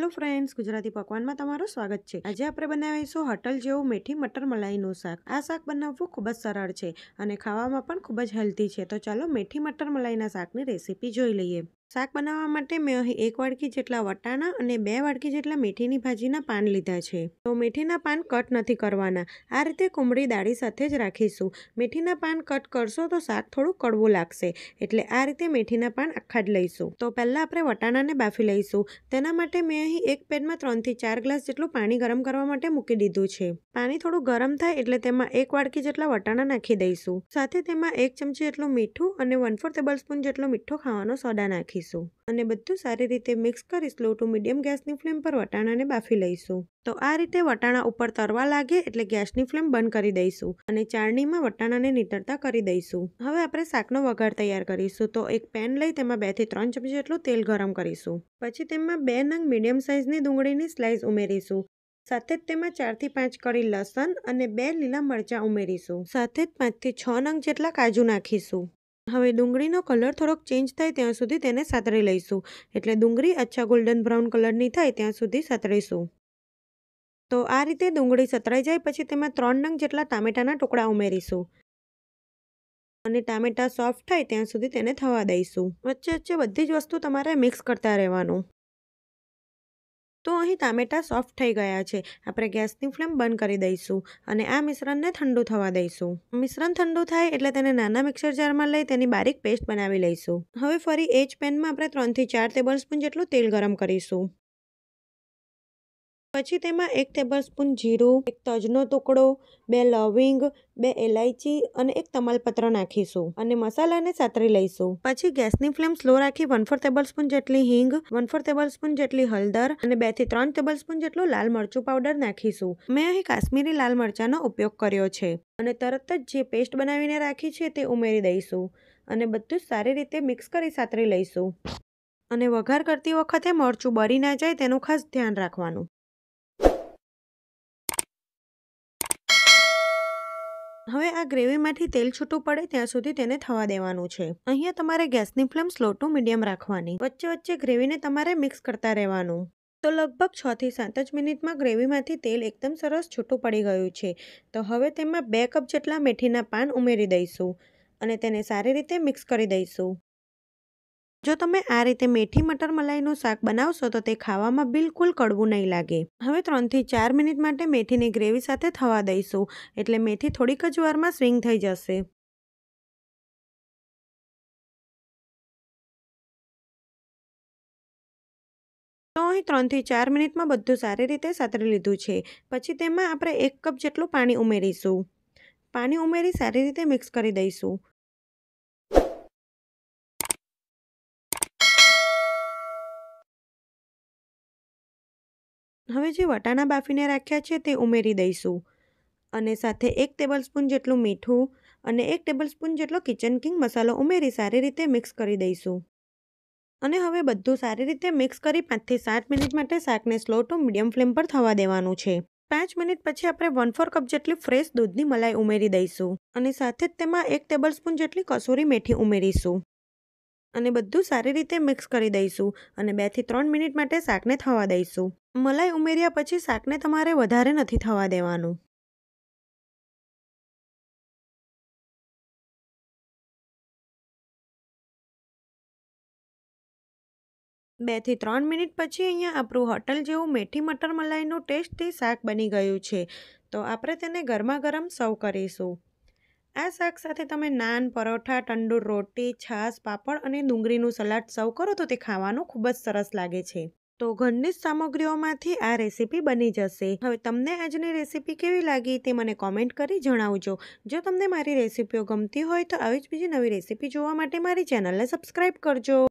hello friends Gujarati પકવાનમાં તમારું સ્વાગત છે આજે આપણે બનાવીશું હોટલ જેવું મીઠી મટર મલાઈનું શાક આ શાક બનાવવું ખૂબ જ સરળ છે અને ખાવામાં પણ ખૂબ જ હેલ્ધી છે તો ચાલો મીઠી મટર મલાઈના શાકની રેસીપી જોઈ લઈએ શાક બનાવવા માટે મેં અહીં એક વાડકી જેટલા વટાણા અને બે વાડકી જેટલા મેથીની ભાજીના પાન લીધા છે તો મેથીના પાન કટ નથી કરવાના આ રીતે કુમળી દાળી સાથે જ રાખીશું મેથીના પાન કટ કરશો તો શાક થોડું કડવું લાગશે એટલે આ રીતે મેથીના પાન આખા જ લઈશું તો પહેલાં આપણે વટાણાને બાફી લઈશું તેના માટે મેં અહીં એક પેનમાં ત્રણથી ચાર ગ્લાસ જેટલું પાણી ગરમ કરવા માટે મૂકી દીધું છે પાણી થોડું ગરમ થાય એટલે તેમાં એક વાડકી જેટલા વટાણા નાખી દઈશું સાથે તેમાં એક ચમચી જેટલું મીઠું અને વન ફોર ટેબલ સ્પૂન જેટલો મીઠો ખાવાનો સોડા નાખીશ નાખીશું અને બધું સારી રીતે મિક્સ કરી સ્લો ટુ મીડિયમ ગેસની ફ્લેમ પર વટાણાને બાફી લઈશું તો આ રીતે વટાણા ઉપર તરવા લાગે એટલે ગેસની ફ્લેમ બંધ કરી દઈશું અને ચાળણીમાં વટાણાને નીતરતા કરી દઈશું હવે આપણે શાકનો વઘાર તૈયાર કરીશું તો એક પેન લઈ તેમાં બેથી ત્રણ ચમચી જેટલું તેલ ગરમ કરીશું પછી તેમાં બે નંગ મીડિયમ સાઇઝની ડુંગળીની સ્લાઇસ ઉમેરીશું સાથે જ તેમાં ચારથી પાંચ કળી લસણ અને બે લીલા મરચાં ઉમેરીશું સાથે જ પાંચથી છ નંગ જેટલા કાજુ નાખીશું હવે ડુંગળીનો કલર થોડોક ચેન્જ થાય ત્યાં સુધી તેને સાતરી લઈશું એટલે ડુંગળી અચ્છા ગોલ્ડન બ્રાઉન કલરની થાય ત્યાં સુધી સાતરીશું તો આ રીતે ડુંગળી સતરાઈ જાય પછી તેમાં ત્રણ નંગ જેટલા ટામેટાના ટુકડા ઉમેરીશું અને ટામેટાં સોફ્ટ થાય ત્યાં સુધી તેને થવા દઈશું વચ્ચે વચ્ચે બધી જ વસ્તુ તમારે મિક્સ કરતા રહેવાનું તો અહીં ટામેટાં સોફ્ટ થઈ ગયા છે આપણે ગેસની ફ્લેમ બંધ કરી દઈશું અને આ મિશ્રણને ઠંડુ થવા દઈશું મિશ્રણ ઠંડુ થાય એટલે તેને નાના મિક્સર જારમાં લઈ તેની બારીક પેસ્ટ બનાવી લઈશું હવે ફરી એ જ પેનમાં આપણે ત્રણથી ચાર ટેબલ સ્પૂન જેટલું તેલ ગરમ કરીશું પછી તેમાં એક ટેબલસ્પૂન જીરું એક તજનો ટુકડો બે લવિંગ બે એલાયચી અને એક તમાલપત્ર નાખીશું અને મસાલાને સાતરી લઈશું પછી ગેસની ફ્લેમ સ્લો રાખી વન ફોર ટેબલસ્પૂન જેટલી હિંગ વન ફોર ટેબલસ્પૂન જેટલી હળદર અને બે થી ત્રણ ટેબલસ્પૂન જેટલું લાલ મરચું પાવડર નાખીશું મેં અહીં કાશ્મીરી લાલ મરચાંનો ઉપયોગ કર્યો છે અને તરત જ જે પેસ્ટ બનાવીને રાખી છે તે ઉમેરી દઈશું અને બધું સારી રીતે મિક્સ કરી સાતરી લઈશું અને વઘાર કરતી વખતે મરચું બળી ના જાય તેનું ખાસ ધ્યાન રાખવાનું હવે આ ગ્રેવીમાંથી તેલ છૂટું પડે ત્યાં સુધી તેને થવા દેવાનું છે અહીંયા તમારે ગેસની ફ્લેમ સ્લો ટુ મીડિયમ રાખવાની વચ્ચે વચ્ચે ગ્રેવીને તમારે મિક્સ કરતા રહેવાનું તો લગભગ છથી સાત જ મિનિટમાં ગ્રેવીમાંથી તેલ એકદમ સરસ છૂટું પડી ગયું છે તો હવે તેમાં બે કપ જેટલા મેથીના પાન ઉમેરી દઈશું અને તેને સારી રીતે મિક્સ કરી દઈશું જો તમે આ રીતે મેથી મટર મલાઈનું શાક બનાવશો તો તે ખાવામાં બિલકુલ કડવું નહીં લાગે હવે ત્રણથી ચાર મિનિટ માટે મેથીને ગ્રેવી સાથે થવા દઈશું એટલે મેથી થોડીક જ વારમાં સ્વિંગ થઈ જશે તો અહીં ત્રણથી ચાર મિનિટમાં બધું સારી રીતે સાતરી લીધું છે પછી તેમાં આપણે એક કપ જેટલું પાણી ઉમેરીશું પાણી ઉમેરી સારી રીતે મિક્સ કરી દઈશું હવે જે વટાણા બાફીને રાખ્યા છે તે ઉમેરી દઈશું અને સાથે એક ટેબલસ્પૂન જેટલું મીઠું અને એક ટેબલસ્પૂન જેટલો કિચન કિંગ મસાલો ઉમેરી સારી રીતે મિક્સ કરી દઈશું અને હવે બધું સારી રીતે મિક્સ કરી પાંચથી સાત મિનિટ માટે શાકને સ્લો ટુ મીડિયમ ફ્લેમ પર થવા દેવાનું છે પાંચ મિનિટ પછી આપણે વન ફોર કપ જેટલી ફ્રેશ દૂધની મલાઈ ઉમેરી દઈશું અને સાથે જ તેમાં એક ટેબલસ્પૂન જેટલી કસૂરી મેથી ઉમેરીશું અને બધું સારી રીતે મિક્સ કરી દઈશું અને બેથી ત્રણ મિનિટ માટે શાકને થવા દઈશું મલાઈ ઉમેર્યા પછી શાકને તમારે વધારે નથી થવા દેવાનું બેથી ત્રણ મિનિટ પછી અહીંયા આપણું હોટલ જેવું મેથી મટર મલાઈનું ટેસ્ટથી શાક બની ગયું છે તો આપણે તેને ગરમા ગરમ સર્વ કરીશું આ શાક સાથે તમે નાન પરોઠા તંદૂર રોટી છાશ પાપડ અને ડુંગળીનું સલાડ સર્વ કરો તો તે ખાવાનું ખૂબ જ સરસ લાગે છે તો ઘરની સામગ્રીઓમાંથી આ રેસીપી બની જશે હવે તમને આજની રેસીપી કેવી લાગી તે મને કોમેન્ટ કરી જણાવજો જો તમને મારી રેસીપીઓ ગમતી હોય તો આવી જ બીજી નવી રેસીપી જોવા માટે મારી ચેનલને સબસ્ક્રાઈબ કરજો